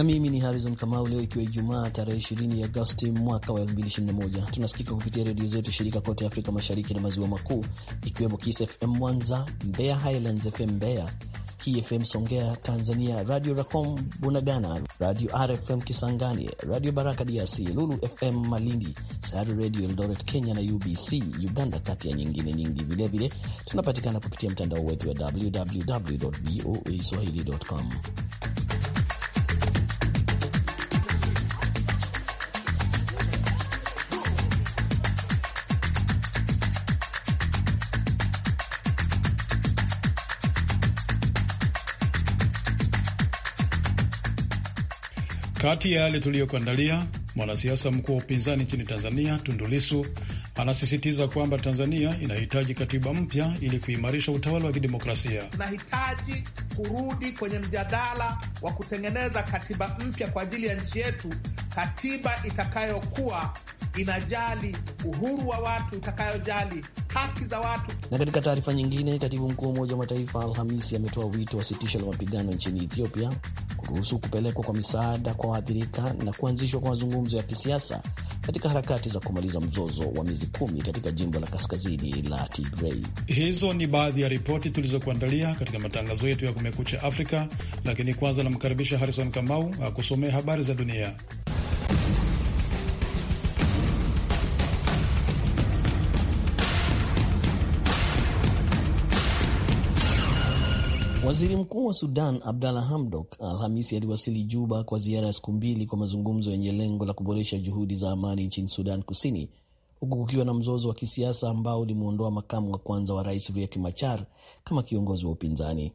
na mimi ni Harrison Kamau. Leo ikiwa Ijumaa tarehe 20 Agosti mwaka wa 2021, tunasikika kupitia redio zetu shirika kote Afrika Mashariki na Maziwa Makuu, ikiwemo Kiss FM Mwanza, Mbeya Highlands FM Mbeya, KFM Songea Tanzania, Radio Racom Bunagana, Radio RFM Kisangani, Radio Baraka DRC, Lulu FM Malindi, Sayari Radio Eldoret Kenya na UBC Uganda, kati ya nyingine nyingi. Vilevile tunapatikana kupitia mtandao wetu wa www voa Kati ya yale tuliyokuandalia, mwanasiasa mkuu wa upinzani nchini Tanzania tundulisu anasisitiza kwamba Tanzania inahitaji katiba mpya ili kuimarisha utawala wa kidemokrasia. Tunahitaji kurudi kwenye mjadala wa kutengeneza katiba mpya kwa ajili ya nchi yetu, katiba itakayokuwa inajali uhuru wa watu, itakayojali haki za watu. Na katika taarifa nyingine, katibu mkuu wa Umoja wa Mataifa Alhamisi ametoa wito wa sitisho la mapigano nchini Ethiopia kuhusu kupelekwa kwa misaada kwa waathirika na kuanzishwa kwa mazungumzo ya kisiasa katika harakati za kumaliza mzozo wa miezi kumi katika jimbo la kaskazini la Tigray. Hizo ni baadhi ya ripoti tulizokuandalia katika matangazo yetu ya Kumekucha Afrika, lakini kwanza namkaribisha Harrison Kamau akusomea habari za dunia. Waziri Mkuu wa Sudan Abdalla Hamdok Alhamisi aliwasili Juba kwa ziara ya siku mbili kwa mazungumzo yenye lengo la kuboresha juhudi za amani nchini Sudan Kusini, huku kukiwa na mzozo wa kisiasa ambao ulimwondoa makamu wa kwanza wa rais Riek Machar kama kiongozi wa upinzani.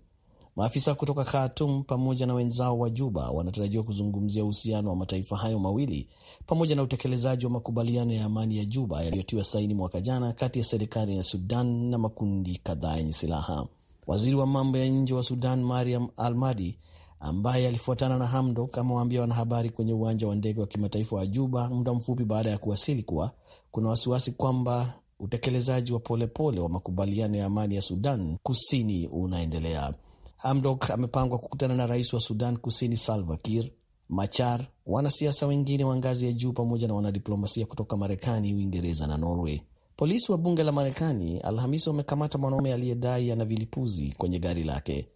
Maafisa kutoka Khartoum pamoja na wenzao wa Juba wanatarajiwa kuzungumzia uhusiano wa mataifa hayo mawili pamoja na utekelezaji wa makubaliano ya amani ya Juba yaliyotiwa saini mwaka jana kati ya serikali ya Sudan na makundi kadhaa yenye silaha. Waziri wa mambo ya nje wa Sudan Mariam Almadi ambaye alifuatana na Hamdok amewaambia wanahabari kwenye uwanja wa ndege wa kimataifa wa Juba muda mfupi baada ya kuwasili kuwa kuna wasiwasi kwamba utekelezaji wa polepole pole wa makubaliano ya amani ya Sudan Kusini unaendelea. Hamdok amepangwa kukutana na rais wa Sudan Kusini Salva Kiir, Machar, wanasiasa wengine wa ngazi ya juu pamoja na wanadiplomasia kutoka Marekani, Uingereza na Norway. Polisi wa bunge la Marekani Alhamisi wamekamata mwanaume aliyedai ana vilipuzi kwenye gari lake.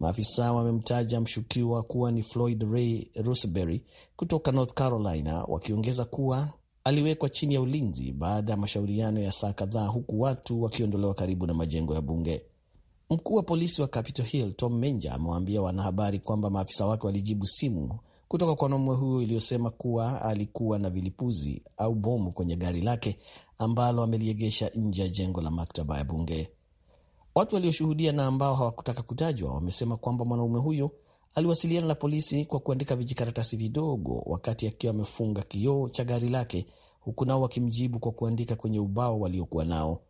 Maafisa wamemtaja mshukiwa kuwa ni Floyd Ray Roseberry kutoka North Carolina, wakiongeza kuwa aliwekwa chini ya ulinzi baada ya mashauriano ya saa kadhaa, huku watu wakiondolewa karibu na majengo ya bunge. Mkuu wa polisi wa Capitol Hill Tom Menja amewaambia wanahabari kwamba maafisa wake walijibu simu kutoka kwa mwanaume huyo iliyosema kuwa alikuwa na vilipuzi au bomu kwenye gari lake ambalo ameliegesha nje ya jengo la maktaba ya bunge. Watu walioshuhudia na ambao hawakutaka kutajwa wamesema kwamba mwanaume huyo aliwasiliana na polisi kwa kuandika vijikaratasi vidogo wakati akiwa amefunga kioo cha gari lake, huku nao wakimjibu kwa kuandika kwenye ubao waliokuwa nao.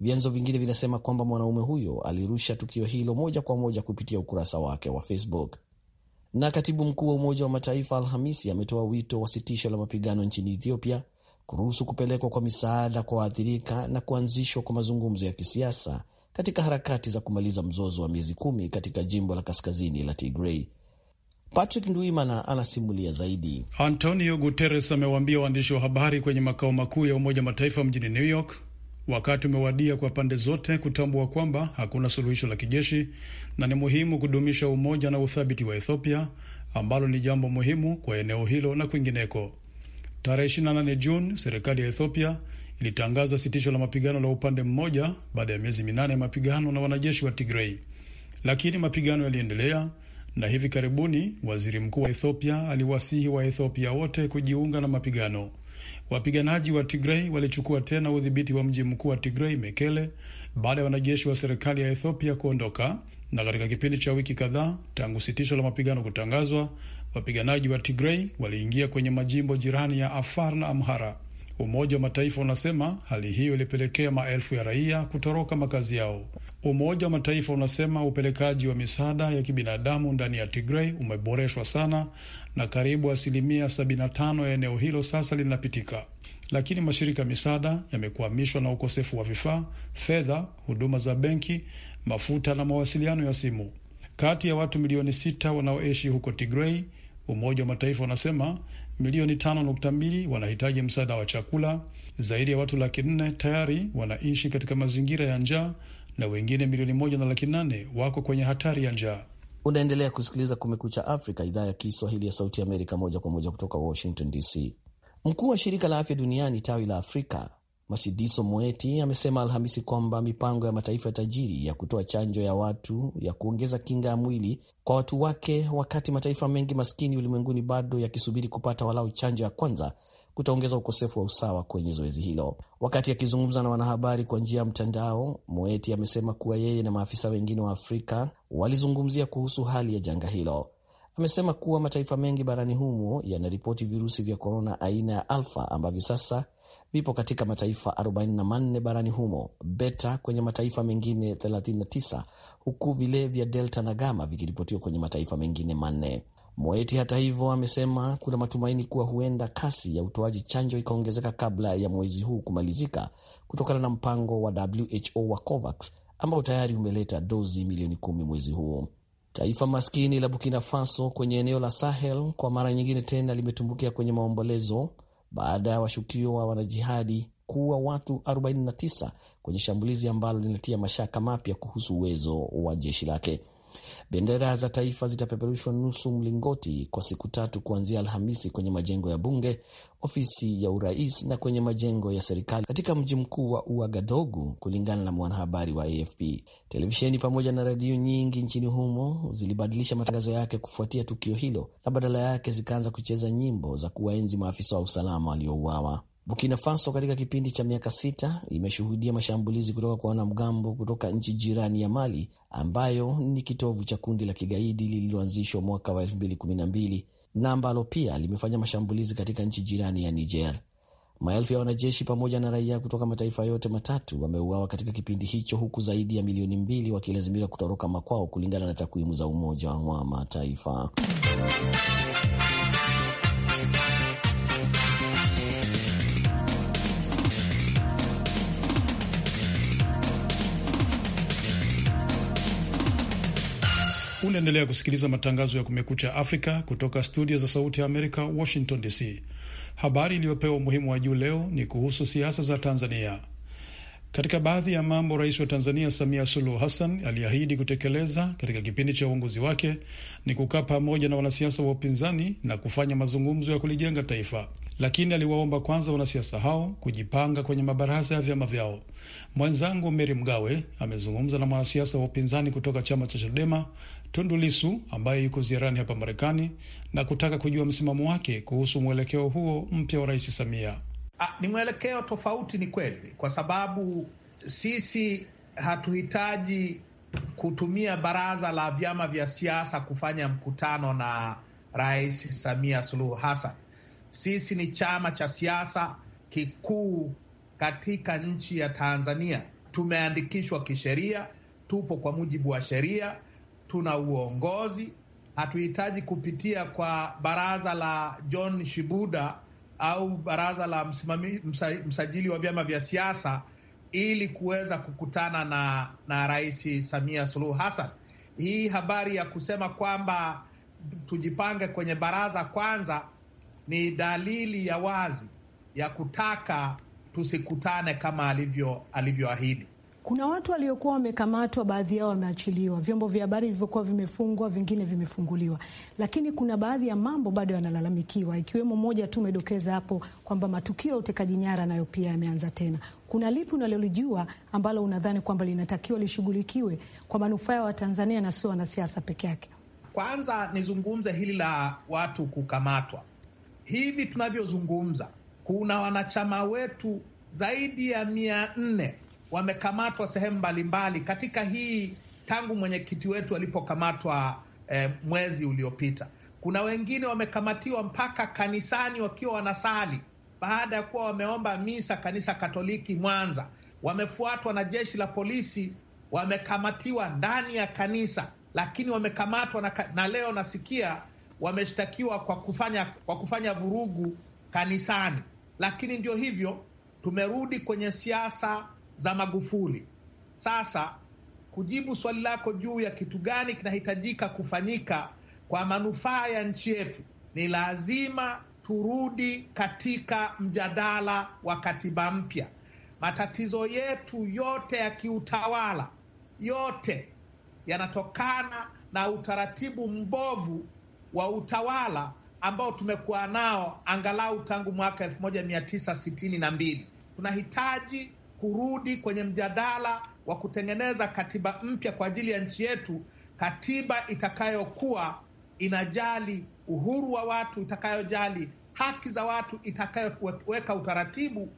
Vyanzo vingine vinasema kwamba mwanaume huyo alirusha tukio hilo moja kwa moja kupitia ukurasa wake wa Facebook. Na katibu mkuu wa Umoja wa Mataifa Alhamisi ametoa wito wa sitisho la mapigano nchini Ethiopia, kuruhusu kupelekwa kwa misaada kwa waathirika na kuanzishwa kwa mazungumzo ya kisiasa katika harakati za kumaliza mzozo wa miezi kumi katika jimbo la kaskazini la Tigrei. Patrick Ndwimana anasimulia zaidi. Antonio Guterres amewaambia waandishi wa habari kwenye makao makuu ya Umoja Mataifa mjini New York Wakati umewadia kwa pande zote kutambua kwamba hakuna suluhisho la kijeshi na ni muhimu kudumisha umoja na uthabiti wa Ethiopia ambalo ni jambo muhimu kwa eneo hilo na kwingineko. Tarehe 28 Juni, serikali ya Ethiopia ilitangaza sitisho la mapigano la upande mmoja baada ya miezi minane ya mapigano na wanajeshi wa Tigrei, lakini mapigano yaliendelea na hivi karibuni waziri mkuu wa Ethiopia aliwasihi Waethiopia wote kujiunga na mapigano. Wapiganaji wa Tigrei walichukua tena udhibiti wa mji mkuu wa Tigrei, Mekele, baada ya wanajeshi wa serikali ya Ethiopia kuondoka. Na katika kipindi cha wiki kadhaa tangu sitisho la mapigano kutangazwa, wapiganaji wa Tigrei waliingia kwenye majimbo jirani ya Afar na Amhara. Umoja wa Mataifa unasema hali hiyo ilipelekea maelfu ya raia kutoroka makazi yao. Umoja wa Mataifa unasema upelekaji wa misaada ya kibinadamu ndani ya Tigray umeboreshwa sana na karibu asilimia 75 ya eneo hilo sasa linapitika, lakini mashirika ya misaada yamekwamishwa na ukosefu wa vifaa, fedha, huduma za benki, mafuta na mawasiliano ya simu. Kati ya watu milioni sita wanaoishi huko Tigray, Umoja wa Mataifa unasema milioni tano nukta mbili wanahitaji msaada wa chakula. Zaidi ya watu laki nne tayari wanaishi katika mazingira ya njaa na wengine milioni moja na laki nane wako kwenye hatari ya njaa. Unaendelea kusikiliza Kumekucha Afrika, idhaa ya Kiswahili ya Sauti ya Amerika, moja kwa moja kutoka Washington DC. Mkuu wa shirika la afya duniani tawi la Afrika Mashidiso Moeti amesema Alhamisi kwamba mipango ya mataifa ya tajiri ya kutoa chanjo ya watu ya kuongeza kinga ya mwili kwa watu wake, wakati mataifa mengi maskini ulimwenguni bado yakisubiri kupata walau chanjo ya kwanza, kutaongeza ukosefu wa usawa kwenye zoezi hilo. Wakati akizungumza na wanahabari kwa njia ya mtandao, Moeti amesema kuwa yeye na maafisa wengine wa Afrika walizungumzia kuhusu hali ya janga hilo. Amesema kuwa mataifa mengi barani humo yanaripoti virusi vya korona aina ya alfa ambavyo sasa vipo katika mataifa 44 barani humo, beta kwenye mataifa mengine 39, huku vile vya delta na gama vikiripotiwa kwenye mataifa mengine manne. Moeti hata hivyo amesema kuna matumaini kuwa huenda kasi ya utoaji chanjo ikaongezeka kabla ya mwezi huu kumalizika kutokana na mpango wa WHO wa COVAX ambao tayari umeleta dozi milioni kumi mwezi huo. Taifa maskini la Burkina Faso kwenye eneo la Sahel kwa mara nyingine tena limetumbukia kwenye maombolezo baada ya washukiwa wanajihadi kuua watu 49 kwenye shambulizi ambalo linatia mashaka mapya kuhusu uwezo wa jeshi lake. Bendera za taifa zitapeperushwa nusu mlingoti kwa siku tatu kuanzia Alhamisi kwenye majengo ya bunge, ofisi ya urais na kwenye majengo ya serikali katika mji mkuu wa Uagadogu, kulingana na mwanahabari wa AFP. Televisheni pamoja na redio nyingi nchini humo zilibadilisha matangazo yake kufuatia tukio hilo na badala yake zikaanza kucheza nyimbo za kuwaenzi maafisa wa usalama waliouawa. Burkina Faso katika kipindi cha miaka sita imeshuhudia mashambulizi kutoka kwa wanamgambo kutoka nchi jirani ya Mali ambayo ni kitovu cha kundi la kigaidi lililoanzishwa mwaka wa 2012 na ambalo pia limefanya mashambulizi katika nchi jirani ya Niger. Maelfu ya wanajeshi pamoja na raia kutoka mataifa yote matatu wameuawa katika kipindi hicho, huku zaidi ya milioni mbili wakilazimika kutoroka makwao, kulingana na takwimu za Umoja wa Mataifa. Unaendelea kusikiliza matangazo ya Kumekucha Afrika kutoka studio za Sauti ya Amerika, Washington DC. Habari iliyopewa umuhimu wa juu leo ni kuhusu siasa za Tanzania. Katika baadhi ya mambo, rais wa Tanzania Samia Suluhu Hassan aliahidi kutekeleza katika kipindi cha uongozi wake ni kukaa pamoja na wanasiasa wa upinzani na kufanya mazungumzo ya kulijenga taifa lakini aliwaomba kwanza wanasiasa hao kujipanga kwenye mabaraza ya vyama vyao. Mwenzangu Meri Mgawe amezungumza na mwanasiasa wa upinzani kutoka chama cha Chadema Tundu Lisu ambaye yuko ziarani hapa Marekani na kutaka kujua msimamo wake kuhusu mwelekeo huo mpya wa Rais Samia. A, ah, ni mwelekeo tofauti, ni kweli, kwa sababu sisi hatuhitaji kutumia baraza la vyama vya siasa kufanya mkutano na Rais Samia Suluhu Hassan. Sisi ni chama cha siasa kikuu katika nchi ya Tanzania. Tumeandikishwa kisheria, tupo kwa mujibu wa sheria, tuna uongozi. Hatuhitaji kupitia kwa baraza la John Shibuda au baraza la msimami, msa, msajili wa vyama vya siasa ili kuweza kukutana na, na Rais Samia Suluhu Hassan. Hii habari ya kusema kwamba tujipange kwenye baraza kwanza ni dalili ya wazi ya kutaka tusikutane kama alivyo alivyoahidi. Kuna watu waliokuwa wamekamatwa, baadhi yao wameachiliwa, vyombo vya habari vilivyokuwa vimefungwa, vingine vimefunguliwa, lakini kuna baadhi ya mambo bado yanalalamikiwa, ikiwemo moja tu umedokeza hapo kwamba matukio ya utekaji nyara nayo pia yameanza tena. Kuna lipi unalolijua ambalo unadhani kwamba linatakiwa lishughulikiwe kwa manufaa ya Watanzania na sio wanasiasa peke yake? Kwanza nizungumze hili la watu kukamatwa hivi tunavyozungumza, kuna wanachama wetu zaidi ya mia nne wamekamatwa sehemu mbalimbali katika hii, tangu mwenyekiti wetu alipokamatwa eh, mwezi uliopita. Kuna wengine wamekamatiwa mpaka kanisani wakiwa wanasali baada ya kuwa wameomba misa kanisa Katoliki Mwanza, wamefuatwa na jeshi la polisi, wamekamatiwa ndani ya kanisa, lakini wamekamatwa na, na leo nasikia wameshtakiwa kwa kufanya, kwa kufanya vurugu kanisani. Lakini ndio hivyo, tumerudi kwenye siasa za Magufuli. Sasa kujibu swali lako juu ya kitu gani kinahitajika kufanyika kwa manufaa ya nchi yetu, ni lazima turudi katika mjadala wa katiba mpya. Matatizo yetu yote ya kiutawala yote yanatokana na utaratibu mbovu wa utawala ambao tumekuwa nao angalau tangu mwaka 1962. Tunahitaji kurudi kwenye mjadala wa kutengeneza katiba mpya kwa ajili ya nchi yetu, katiba itakayokuwa inajali uhuru wa watu, itakayojali haki za watu, itakayoweka utaratibu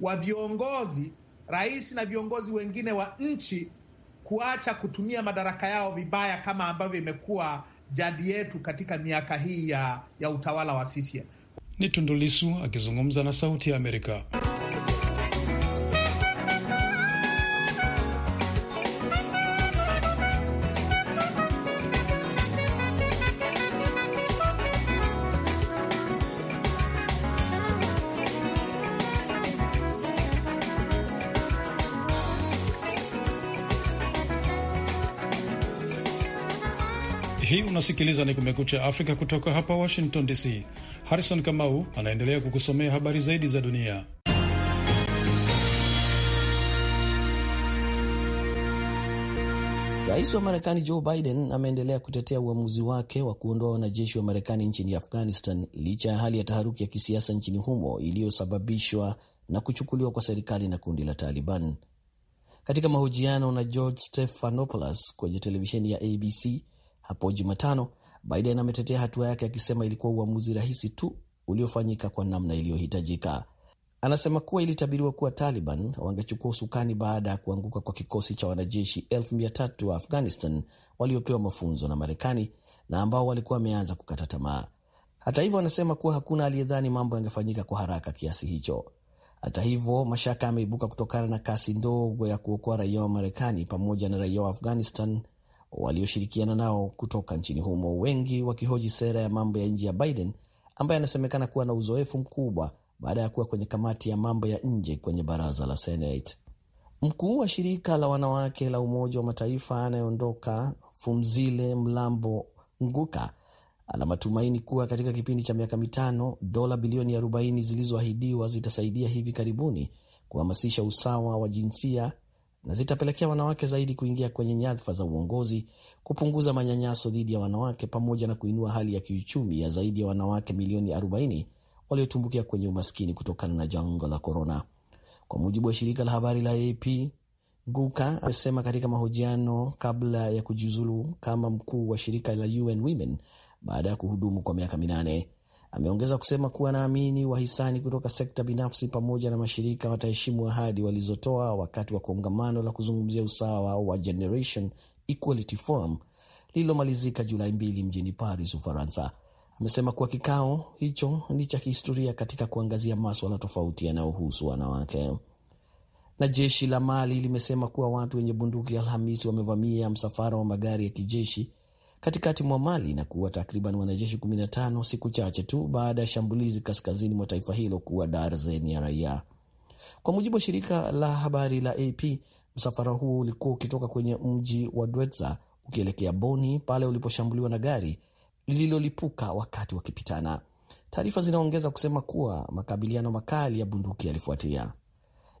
wa viongozi, rais na viongozi wengine wa nchi kuacha kutumia madaraka yao vibaya kama ambavyo imekuwa jadi yetu katika miaka hii ya, ya utawala wa CCM. Ni tundulisu akizungumza na Sauti ya Amerika. Unasikiliza ni Kumekucha Afrika kutoka hapa Washington DC. Harrison Kamau anaendelea kukusomea habari zaidi za dunia. Rais wa Marekani Joe Biden ameendelea kutetea uamuzi wake wa kuondoa wanajeshi wa Marekani nchini Afghanistan licha ya hali ya taharuki ya kisiasa nchini humo iliyosababishwa na kuchukuliwa kwa serikali na kundi la Taliban. Katika mahojiano na George Stephanopoulos kwenye televisheni ya ABC, hapo Jumatano, Biden ametetea hatua yake akisema ilikuwa uamuzi rahisi tu uliofanyika kwa namna iliyohitajika. Anasema kuwa ilitabiriwa kuwa Taliban wangechukua usukani baada ya kuanguka kwa kikosi cha wanajeshi elfu mia tatu wa Afghanistan waliopewa mafunzo na Marekani na ambao walikuwa wameanza kukata tamaa. Hata hivyo, anasema kuwa hakuna aliyedhani mambo yangefanyika kwa haraka kiasi hicho. Hata hivyo, mashaka yameibuka kutokana na kasi ndogo ya kuokoa raia wa Marekani pamoja na raia wa Afghanistan walioshirikiana nao kutoka nchini humo, wengi wakihoji sera ya mambo ya nje ya Biden ambaye anasemekana kuwa na uzoefu mkubwa baada ya kuwa kwenye kamati ya mambo ya nje kwenye baraza la Senate. Mkuu wa shirika la wanawake la Umoja wa Mataifa anayeondoka Fumzile Mlambo Nguka ana matumaini kuwa katika kipindi cha miaka mitano dola bilioni 40 zilizoahidiwa zitasaidia hivi karibuni kuhamasisha usawa wa jinsia na zitapelekea wanawake zaidi kuingia kwenye nyadhifa za uongozi, kupunguza manyanyaso dhidi ya wanawake, pamoja na kuinua hali ya kiuchumi ya zaidi ya wanawake milioni 40 waliotumbukia kwenye umaskini kutokana na janga la korona, kwa mujibu wa shirika la habari la AP. Guka amesema katika mahojiano kabla ya kujiuzulu kama mkuu wa shirika la UN Women baada ya kuhudumu kwa miaka minane. Ameongeza kusema kuwa anaamini wahisani kutoka sekta binafsi pamoja na mashirika wataheshimu ahadi walizotoa wakati wa kongamano la kuzungumzia usawa wa Generation Equality Forum lililomalizika Julai mbili mjini Paris, Ufaransa. Amesema kuwa kikao hicho ni cha kihistoria katika kuangazia maswala tofauti yanayohusu wanawake. Na jeshi la Mali limesema kuwa watu wenye bunduki Alhamisi wamevamia msafara wa magari ya kijeshi katikati mwa Mali na kuua takriban wanajeshi 15 siku chache tu baada ya shambulizi kaskazini mwa taifa hilo kuwa darzeni ya raia. Kwa mujibu wa shirika la habari la AP, msafara huo ulikuwa ukitoka kwenye mji wa Dwetza ukielekea Boni pale uliposhambuliwa na gari lililolipuka wakati wakipitana. Taarifa zinaongeza kusema kuwa makabiliano makali ya bunduki yalifuatia.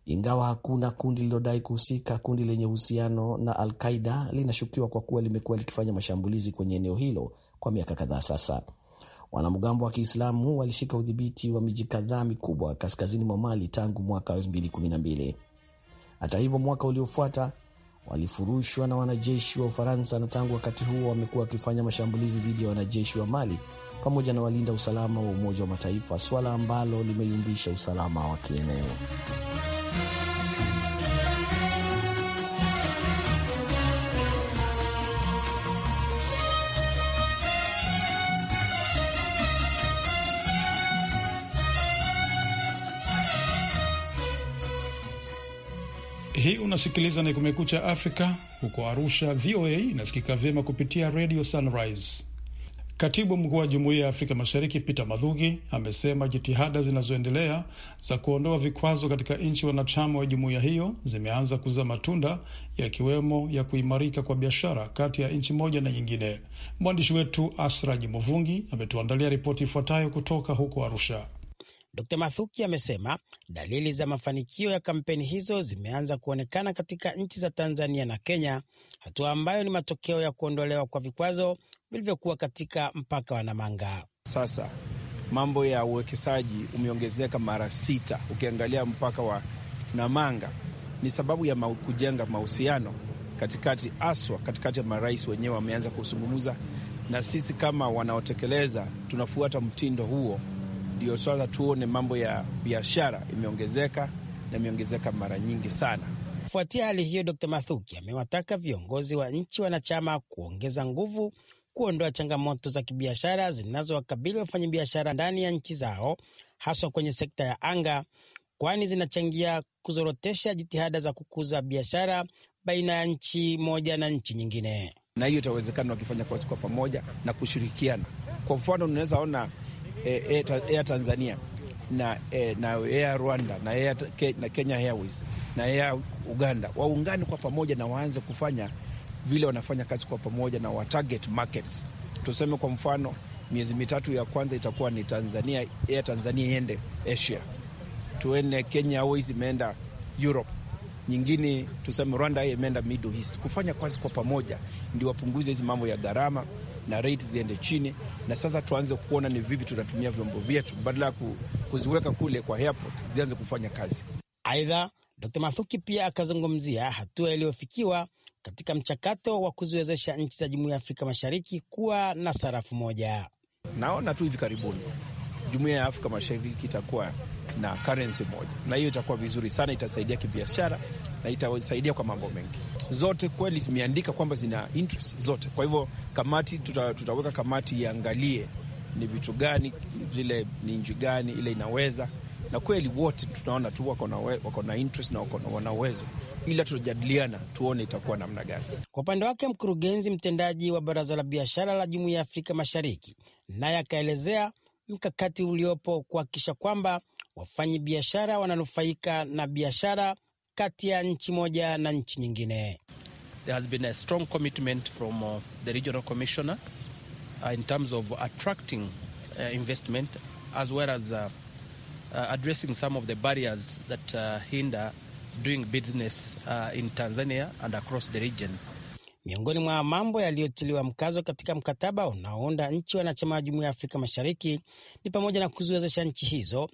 Ingawa hakuna kundi lililodai kuhusika, kundi lenye uhusiano na al-Qaida linashukiwa kwa kuwa limekuwa likifanya mashambulizi kwenye eneo hilo kwa miaka kadhaa sasa. Wanamgambo wa Kiislamu walishika udhibiti wa miji kadhaa mikubwa kaskazini mwa Mali tangu mwaka 2012. Hata hivyo, mwaka uliofuata walifurushwa na wanajeshi wa Ufaransa, na tangu wakati huo wamekuwa wakifanya mashambulizi dhidi ya wanajeshi wa Mali pamoja na walinda usalama wa Umoja wa Mataifa, suala ambalo limeyumbisha usalama wa kieneo. Hii unasikiliza ni Kumekucha Afrika. Huko Arusha, VOA inasikika vyema kupitia Radio Sunrise. Katibu mkuu wa Jumuiya ya Afrika Mashariki Peter Madhugi amesema jitihada zinazoendelea za kuondoa vikwazo katika nchi wanachama wa jumuiya hiyo zimeanza kuzaa matunda yakiwemo ya kuimarika kwa biashara kati ya nchi moja na nyingine. Mwandishi wetu Asraji Muvungi ametuandalia ripoti ifuatayo kutoka huko Arusha. d Mathuki amesema dalili za mafanikio ya kampeni hizo zimeanza kuonekana katika nchi za Tanzania na Kenya, hatua ambayo ni matokeo ya kuondolewa kwa vikwazo vilivyokuwa katika mpaka wa Namanga. Sasa mambo ya uwekezaji umeongezeka mara sita ukiangalia mpaka wa Namanga, ni sababu ya ma kujenga mahusiano katikati, aswa katikati ya marais wenyewe wameanza kuzungumza, na sisi kama wanaotekeleza tunafuata mtindo huo, ndio sasa tuone mambo ya biashara imeongezeka na imeongezeka mara nyingi sana. Kufuatia hali hiyo, Dr Mathuki amewataka viongozi wa nchi wanachama kuongeza nguvu kuondoa changamoto za kibiashara zinazowakabili wafanyabiashara ndani ya nchi zao, haswa kwenye sekta ya anga, kwani zinachangia kuzorotesha jitihada za kukuza biashara baina ya nchi moja na nchi nyingine, na hiyo itawezekana wakifanya kazi kwa pamoja na kushirikiana. Kwa mfano, unaweza ona e, e, Tanzania na e, na Air Rwanda na, e, na Kenya Airways na Air Uganda waungane kwa pamoja na waanze kufanya vile wanafanya kazi kwa pamoja na wa target markets. Tuseme kwa mfano, miezi mitatu ya kwanza itakuwa ni Tanzania, ya Tanzania iende Asia, tuende Kenya hizi imeenda Europe, nyingine tuseme Rwanda imeenda Middle East. Kufanya kazi kwa pamoja ndio wapunguze hizi mambo ya gharama na rate ziende chini, na sasa tuanze kuona ni vipi tunatumia vyombo vyetu badala ya kuziweka kule kwa airport, zianze kufanya kazi. Aidha, Dr. Mathuki pia akazungumzia hatua iliyofikiwa katika mchakato wa kuziwezesha nchi za Jumuiya ya Afrika Mashariki kuwa na sarafu moja. Naona tu hivi karibuni Jumuiya ya Afrika Mashariki itakuwa na currency moja, na hiyo itakuwa vizuri sana, itasaidia kibiashara na itasaidia kwa mambo mengi. Zote kweli zimeandika kwamba zina interest zote. Kwa hivyo kamati tuta, tutaweka kamati iangalie ni vitu gani vile, ni nchi gani ile inaweza, na kweli wote tunaona tu wako na interest na wana uwezo ila tutajadiliana tuone itakuwa namna gani. Kwa upande wake, mkurugenzi mtendaji wa Baraza la Biashara la Jumuiya ya Afrika Mashariki naye akaelezea mkakati uliopo kuhakikisha kwamba wafanyi biashara wananufaika na biashara kati ya nchi moja na nchi nyingine. There has been a strong commitment from uh, the regional commissioner uh, in terms of attracting uh, investment as well as uh, addressing some of the barriers that hinder doing business uh, in Tanzania and across the region. Miongoni mwa mambo yaliyotiliwa mkazo katika mkataba unaounda nchi wanachama wa Jumuiya ya Afrika Mashariki ni pamoja na kuziwezesha nchi hizo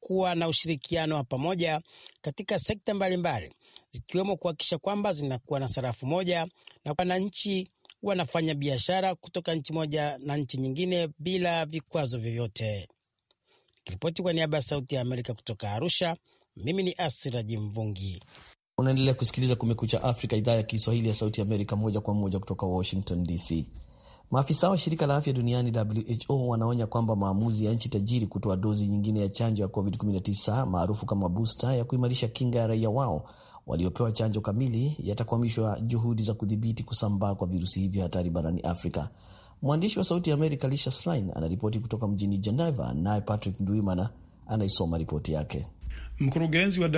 kuwa na ushirikiano wa pamoja katika sekta mbalimbali zikiwemo kuhakikisha kwamba zinakuwa na sarafu moja na wananchi wanafanya biashara kutoka nchi moja na nchi nyingine bila vikwazo vyovyote. kiripoti kwa niaba ya Sauti ya Amerika kutoka Arusha, mimi ni Asiraji Mvungi. Unaendelea kusikiliza Kumekucha Afrika, idhaa ya Kiswahili ya Sauti Amerika, moja kwa moja kutoka Washington DC. Maafisa wa shirika la afya duniani WHO wanaonya kwamba maamuzi ya nchi tajiri kutoa dozi nyingine ya chanjo ya COVID-19 maarufu kama busta ya kuimarisha kinga ya raia wao waliopewa chanjo kamili yatakwamishwa juhudi za kudhibiti kusambaa kwa virusi hivyo hatari barani Afrika. Mwandishi wa Sauti ya Amerika Lisha Schlein anaripoti kutoka mjini Geneva, naye Patrick Ndwimana anaisoma ripoti yake. Mkurugenzi wa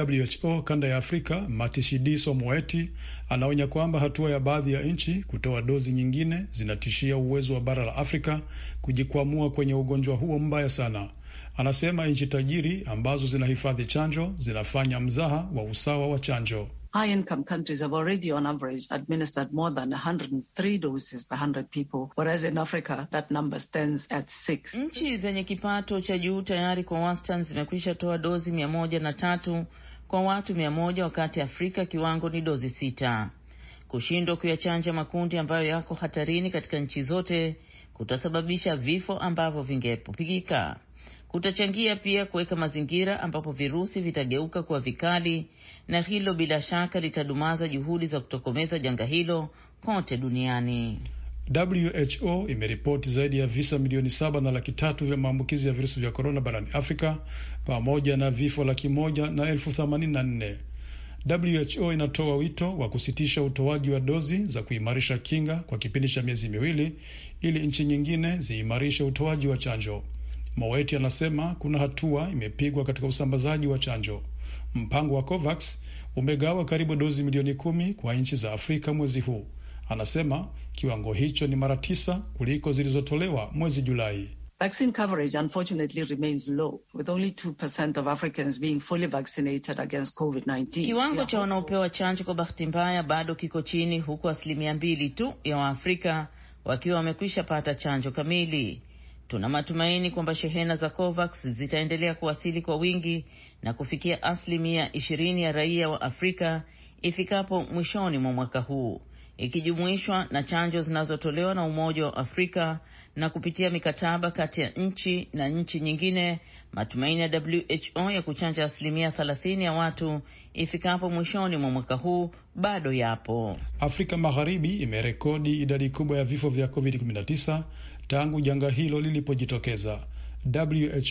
WHO kanda ya Afrika Matshidiso Moeti anaonya kwamba hatua ya baadhi ya nchi kutoa dozi nyingine zinatishia uwezo wa bara la Afrika kujikwamua kwenye ugonjwa huo mbaya sana. Anasema nchi tajiri ambazo zinahifadhi chanjo zinafanya mzaha wa usawa wa chanjo. High-income countries have already, on average, administered more than 103 doses per 100 people, whereas in Africa that number stands at six. Nchi zenye kipato cha juu tayari kwa wastani zimekwisha toa dozi mia moja na tatu kwa watu mia moja wakati Afrika kiwango ni dozi sita. Kushindwa kuyachanja makundi ambayo yako hatarini katika nchi zote kutasababisha vifo ambavyo vingepupikika. Kutachangia pia kuweka mazingira ambapo virusi vitageuka kuwa vikali, na hilo bila shaka litadumaza juhudi za kutokomeza janga hilo kote duniani. WHO imeripoti zaidi ya visa milioni saba na laki tatu vya maambukizi ya virusi vya korona barani Afrika pamoja na vifo laki moja na elfu themanini na nne. WHO inatoa wito wa kusitisha utoaji wa dozi za kuimarisha kinga kwa kipindi cha miezi miwili ili nchi nyingine ziimarishe utoaji wa chanjo. Moweti anasema kuna hatua imepigwa katika usambazaji wa chanjo. Mpango wa COVAX umegawa karibu dozi milioni kumi kwa nchi za Afrika mwezi huu. Anasema kiwango hicho ni mara tisa kuliko zilizotolewa mwezi Julai. Vaccine coverage unfortunately remains low with only 2% of Africans being fully vaccinated against COVID-19. Kiwango cha wanaopewa chanjo kwa bahati mbaya bado kiko chini huku asilimia mbili tu ya Waafrika wakiwa wamekwisha pata chanjo kamili. Tuna matumaini kwamba shehena za COVAX zitaendelea kuwasili kwa wingi na kufikia asilimia 20 ya raia wa Afrika ifikapo mwishoni mwa mwaka huu ikijumuishwa na chanjo zinazotolewa na Umoja wa Afrika na kupitia mikataba kati ya nchi na nchi nyingine. Matumaini ya WHO ya kuchanja asilimia 30 ya watu ifikapo mwishoni mwa mwaka huu bado yapo. Afrika Magharibi imerekodi idadi kubwa ya vifo vya COVID-19 tangu janga hilo lilipojitokeza.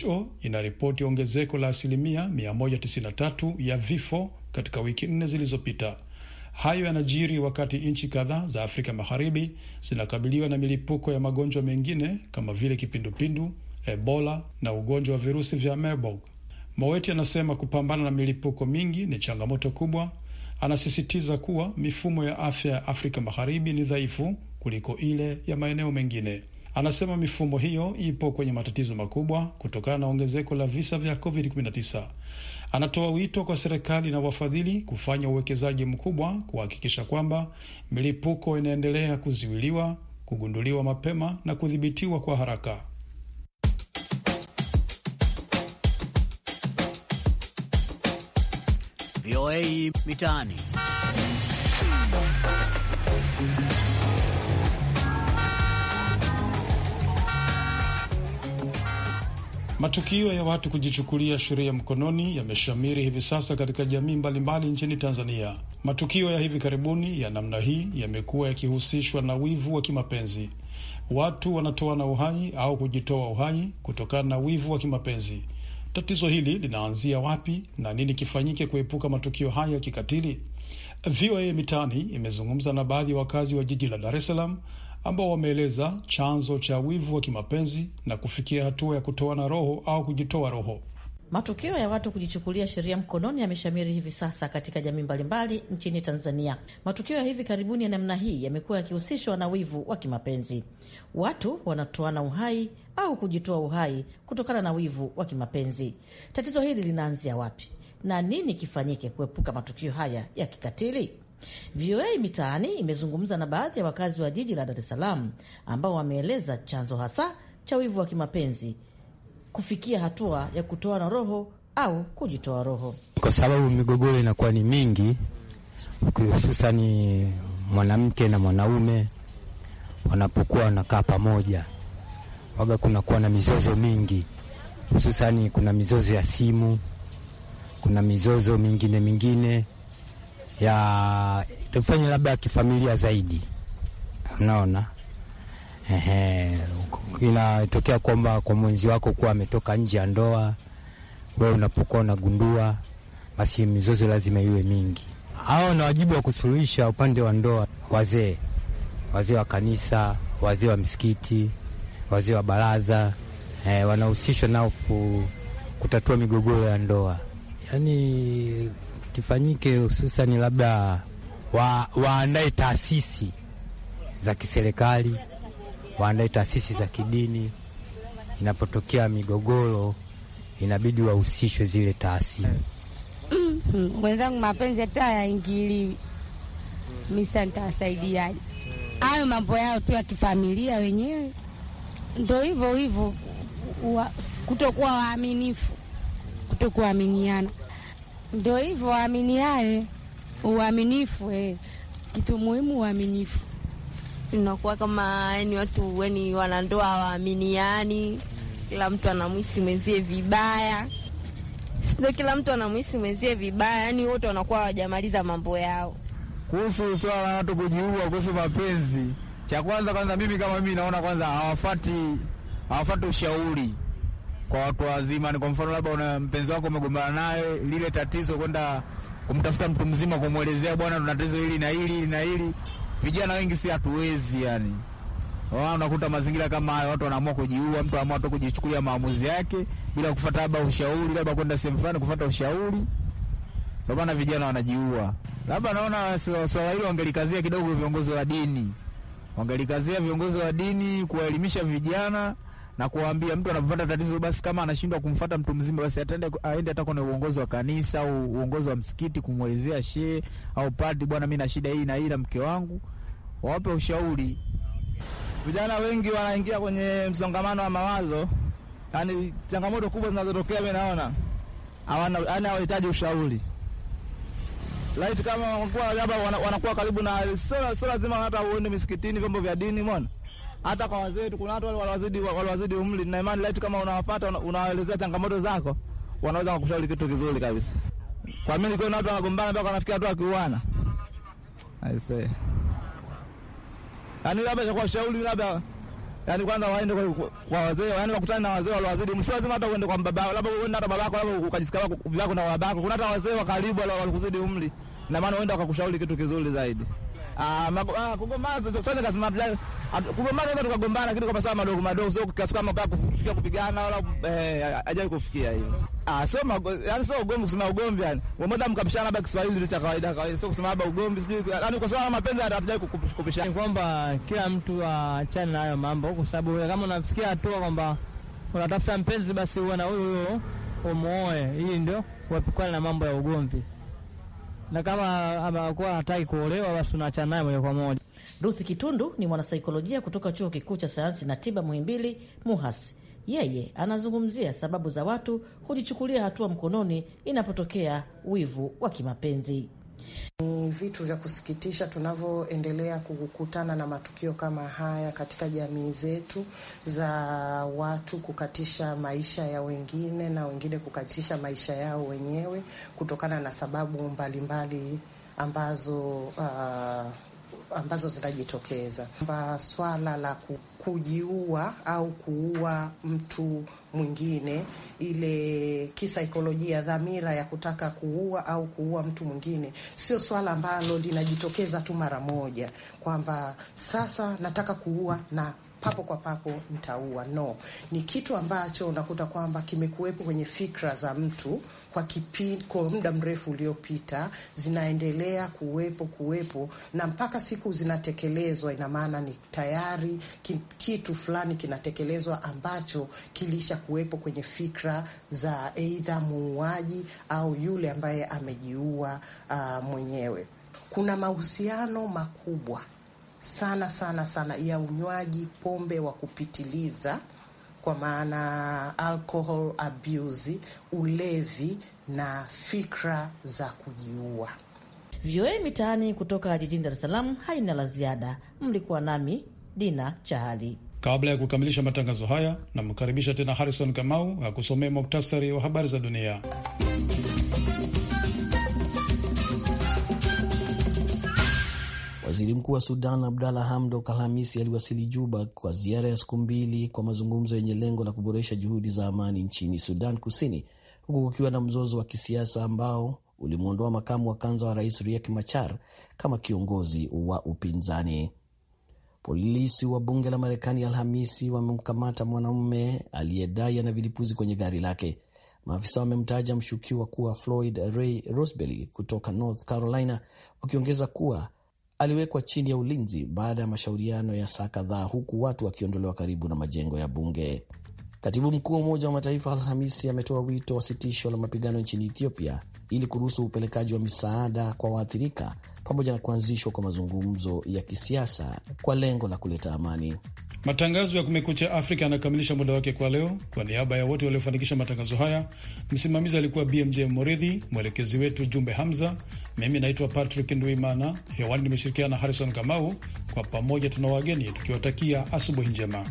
WHO inaripoti ongezeko la asilimia 193 ya vifo katika wiki nne zilizopita. Hayo yanajiri wakati nchi kadhaa za Afrika Magharibi zinakabiliwa na milipuko ya magonjwa mengine kama vile kipindupindu, Ebola na ugonjwa wa virusi vya Marburg. Moweti anasema kupambana na milipuko mingi ni changamoto kubwa. Anasisitiza kuwa mifumo ya afya ya Afrika Magharibi ni dhaifu kuliko ile ya maeneo mengine. Anasema mifumo hiyo ipo kwenye matatizo makubwa kutokana na ongezeko la visa vya COVID-19. Anatoa wito kwa serikali na wafadhili kufanya uwekezaji mkubwa kuhakikisha kwamba milipuko inaendelea kuziwiliwa, kugunduliwa mapema na kudhibitiwa kwa haraka. VOA Mitaani. Matukio ya watu kujichukulia sheria mkononi yameshamiri hivi sasa katika jamii mbalimbali nchini Tanzania. Matukio ya hivi karibuni ya namna hii yamekuwa yakihusishwa na wivu wa kimapenzi. Watu wanatoa na uhai au kujitoa uhai kutokana na wivu wa kimapenzi. Tatizo hili linaanzia wapi na nini kifanyike kuepuka matukio haya ya kikatili? VOA Mitaani imezungumza na baadhi ya wakazi wa jiji la Dar es Salaam ambao wameeleza chanzo cha wivu wa kimapenzi na kufikia hatua ya kutoana roho au kujitoa roho. Matukio ya watu kujichukulia sheria mkononi yameshamiri hivi sasa katika jamii mbalimbali nchini Tanzania. Matukio ya hivi karibuni ya namna hii yamekuwa yakihusishwa na wivu wa kimapenzi. Watu wanatoana uhai au kujitoa uhai kutokana na wivu wa kimapenzi. Tatizo hili linaanzia wapi na nini kifanyike kuepuka matukio haya ya kikatili? VOA Mitaani imezungumza na baadhi ya wakazi wa jiji la Dar es Salaam ambao wameeleza chanzo hasa cha wivu wa kimapenzi kufikia hatua ya kutoa na roho au kujitoa roho, kwa sababu migogoro inakuwa ni mingi, hususani mwanamke na mwanaume wanapokuwa wanakaa pamoja, waga kunakuwa na mizozo mingi, hususani kuna mizozo ya simu, kuna mizozo mingine mingine ya tufanye labda ya kifamilia zaidi, unaona ehe. Inatokea kwamba kwa mwenzi wako kuwa ametoka nje ya ndoa, wewe unapokuwa unagundua, basi mizozo lazima iwe mingi. Hao na wajibu wa kusuluhisha upande wa ndoa, wazee, wazee wa kanisa, wazee wa msikiti, wazee wa baraza eh, wanahusishwa nao kutatua migogoro ya ndoa yani kifanyike hususani labda wa, waandae taasisi za kiserikali, waandae taasisi za kidini. Inapotokea migogoro, inabidi wahusishwe zile taasisi. Mhm. Mwenzangu, mapenzi hata yaingiliwi, misa nitawasaidiaje? Hayo mambo yao tu ya kifamilia wenyewe, ndo hivyo hivyo, kutokuwa waaminifu, kutokuaminiana ndio hivyo waaminiae uaminifu eh. Kitu muhimu uaminifu. Inakuwa kama yani watu weni wanandoa waaminiani, kila mtu anamwisi mwenzie vibaya, sio kila mtu anamwisi mwenzie vibaya, yani wote wanakuwa hawajamaliza mambo yao. Kuhusu swala la watu kujiua kuhusu mapenzi, cha kwanza kwanza, mimi kama mimi naona kwanza hawafati hawafati ushauri kwa watu wazima. Ni kwa mfano labda una mpenzi wako umegombana naye, lile tatizo kwenda kumtafuta mtu mzima kumwelezea, bwana, tuna tatizo hili na hili na hili. Vijana wengi si hatuwezi yani unakuta mazingira kama hayo, watu wanaamua kujiua, mtu anaamua tu kujichukulia maamuzi yake bila kufuata labda ushauri, labda kwenda sehemu fulani kufuata ushauri. Ndio maana vijana wanajiua. Labda naona swala hilo wangelikazia kidogo viongozi wa dini, wangelikazia viongozi wa dini kuwaelimisha vijana na kuwaambia mtu anapopata tatizo, basi kama anashindwa kumfata mtu mzima, basi atende aende hata kwenye uongozi wa kanisa au uongozi wa msikiti, kumwelezea shehe au padri, bwana, mimi na shida hii na hii na mke wangu, wape ushauri. Vijana wengi wanaingia kwenye msongamano wa mawazo, yani changamoto kubwa zinazotokea, mimi naona hawana, yani hawahitaji ushauri laiti kama wanakuwa labda wanakuwa karibu na, sio lazima hata uone misikitini, vyombo vya dini, umeona hata kwa wazee wetu kuna watu wale walowazidi walowazidi umri, na imani laiti kama unawafuata unawaelezea changamoto zako, wanaweza kukushauri kitu kizuri kabisa. Kwa mimi nilikuwa watu wanagombana mpaka wanafikia watu wakiuana. I say. yani, labda kwa shauri labda yani, kwanza waende kwa, kwa wazee, yani, wakutane na wazee walowazidi. Msio lazima hata uende kwa baba, labda uende hata babako, labda ukajisikia babako na babako. Kuna hata wazee wa karibu wale walikuzidi umri. Na maana uende wakakushauri kitu kizuri zaidi. Ah, ah, kugomaza, sasa kazi mabla kugombana sasa, tukagombana, lakini kwa masaa madogo madogo, sio kiasi kama kwa kufikia kupigana wala eh, ajali kufikia hivyo. Ah, sio yani, sio ugomvi kusema ugomvi, yani mmoja mkapishana, labda Kiswahili ndio cha kawaida kawaida, sio kusema labda ugomvi, sijui yani, kwa sababu mapenzi kukupishana. Ni kwamba kila mtu aachane nayo mambo, kwa sababu kama unafikia hatua kwamba unatafuta mpenzi, basi uwe na huyo huyo umuoe, hii ndio uepukane na mambo ya ugomvi, na kama amekuwa hataki kuolewa, basi unaacha naye moja kwa moja. Ruth Kitundu ni mwanasaikolojia kutoka Chuo Kikuu cha Sayansi na Tiba Muhimbili, MUHAS. Yeye anazungumzia sababu za watu kujichukulia hatua mkononi inapotokea wivu wa kimapenzi. Ni vitu vya kusikitisha tunavyoendelea kukutana na matukio kama haya katika jamii zetu za watu kukatisha maisha ya wengine na wengine kukatisha maisha yao wenyewe kutokana na sababu mbalimbali mbali ambazo uh, ambazo zinajitokeza kwamba swala la kujiua au kuua mtu mwingine, ile kisaikolojia, dhamira ya kutaka kuua au kuua mtu mwingine, sio swala ambalo linajitokeza tu mara moja, kwamba sasa nataka kuua na papo kwa papo mtaua. No, ni kitu ambacho unakuta kwamba kimekuwepo kwenye fikra za mtu kwa kipindi, kwa muda mrefu uliopita, zinaendelea kuwepo kuwepo, na mpaka siku zinatekelezwa, ina maana ni tayari kitu fulani kinatekelezwa ambacho kilisha kuwepo kwenye fikra za aidha muuaji au yule ambaye amejiua uh, mwenyewe. Kuna mahusiano makubwa sana sana sana ya unywaji pombe wa kupitiliza, kwa maana alcohol abuse, ulevi na fikra za kujiua. VOA Mitaani kutoka jijini Dar es Salaam haina la ziada. Mlikuwa nami Dina Chahali. Kabla ya kukamilisha matangazo haya, namkaribisha tena Harrison Kamau akusomee muktasari wa habari za dunia. Waziri Mkuu wa Sudan Abdalla Hamdok Alhamisi aliwasili Juba kwa ziara ya siku mbili kwa mazungumzo yenye lengo la kuboresha juhudi za amani nchini Sudan Kusini, huku kukiwa na mzozo wa kisiasa ambao ulimwondoa makamu wa kwanza wa rais Riek Machar kama kiongozi wa upinzani. Polisi wa bunge la Marekani Alhamisi wamemkamata mwanaume aliyedai ana vilipuzi kwenye gari lake. Maafisa wamemtaja mshukiwa kuwa Floyd Ray Roseberry kutoka North Carolina, wakiongeza kuwa aliwekwa chini ya ulinzi baada ya mashauriano ya saa kadhaa, huku watu wakiondolewa karibu na majengo ya bunge. Katibu mkuu wa Umoja wa Mataifa Alhamisi ametoa wito wa sitisho la mapigano nchini Ethiopia ili kuruhusu upelekaji wa misaada kwa waathirika pamoja na kuanzishwa kwa mazungumzo ya kisiasa kwa lengo la kuleta amani. Matangazo ya Kumekucha Afrika yanakamilisha muda wake kwa leo. Kwa niaba ya wote waliofanikisha matangazo haya, msimamizi alikuwa BMJ Moridhi, mwelekezi wetu Jumbe Hamza. Mimi naitwa Patrick Ndwimana, hewani nimeshirikiana na Harrison Kamau. Kwa pamoja tuna wageni tukiwatakia asubuhi njema.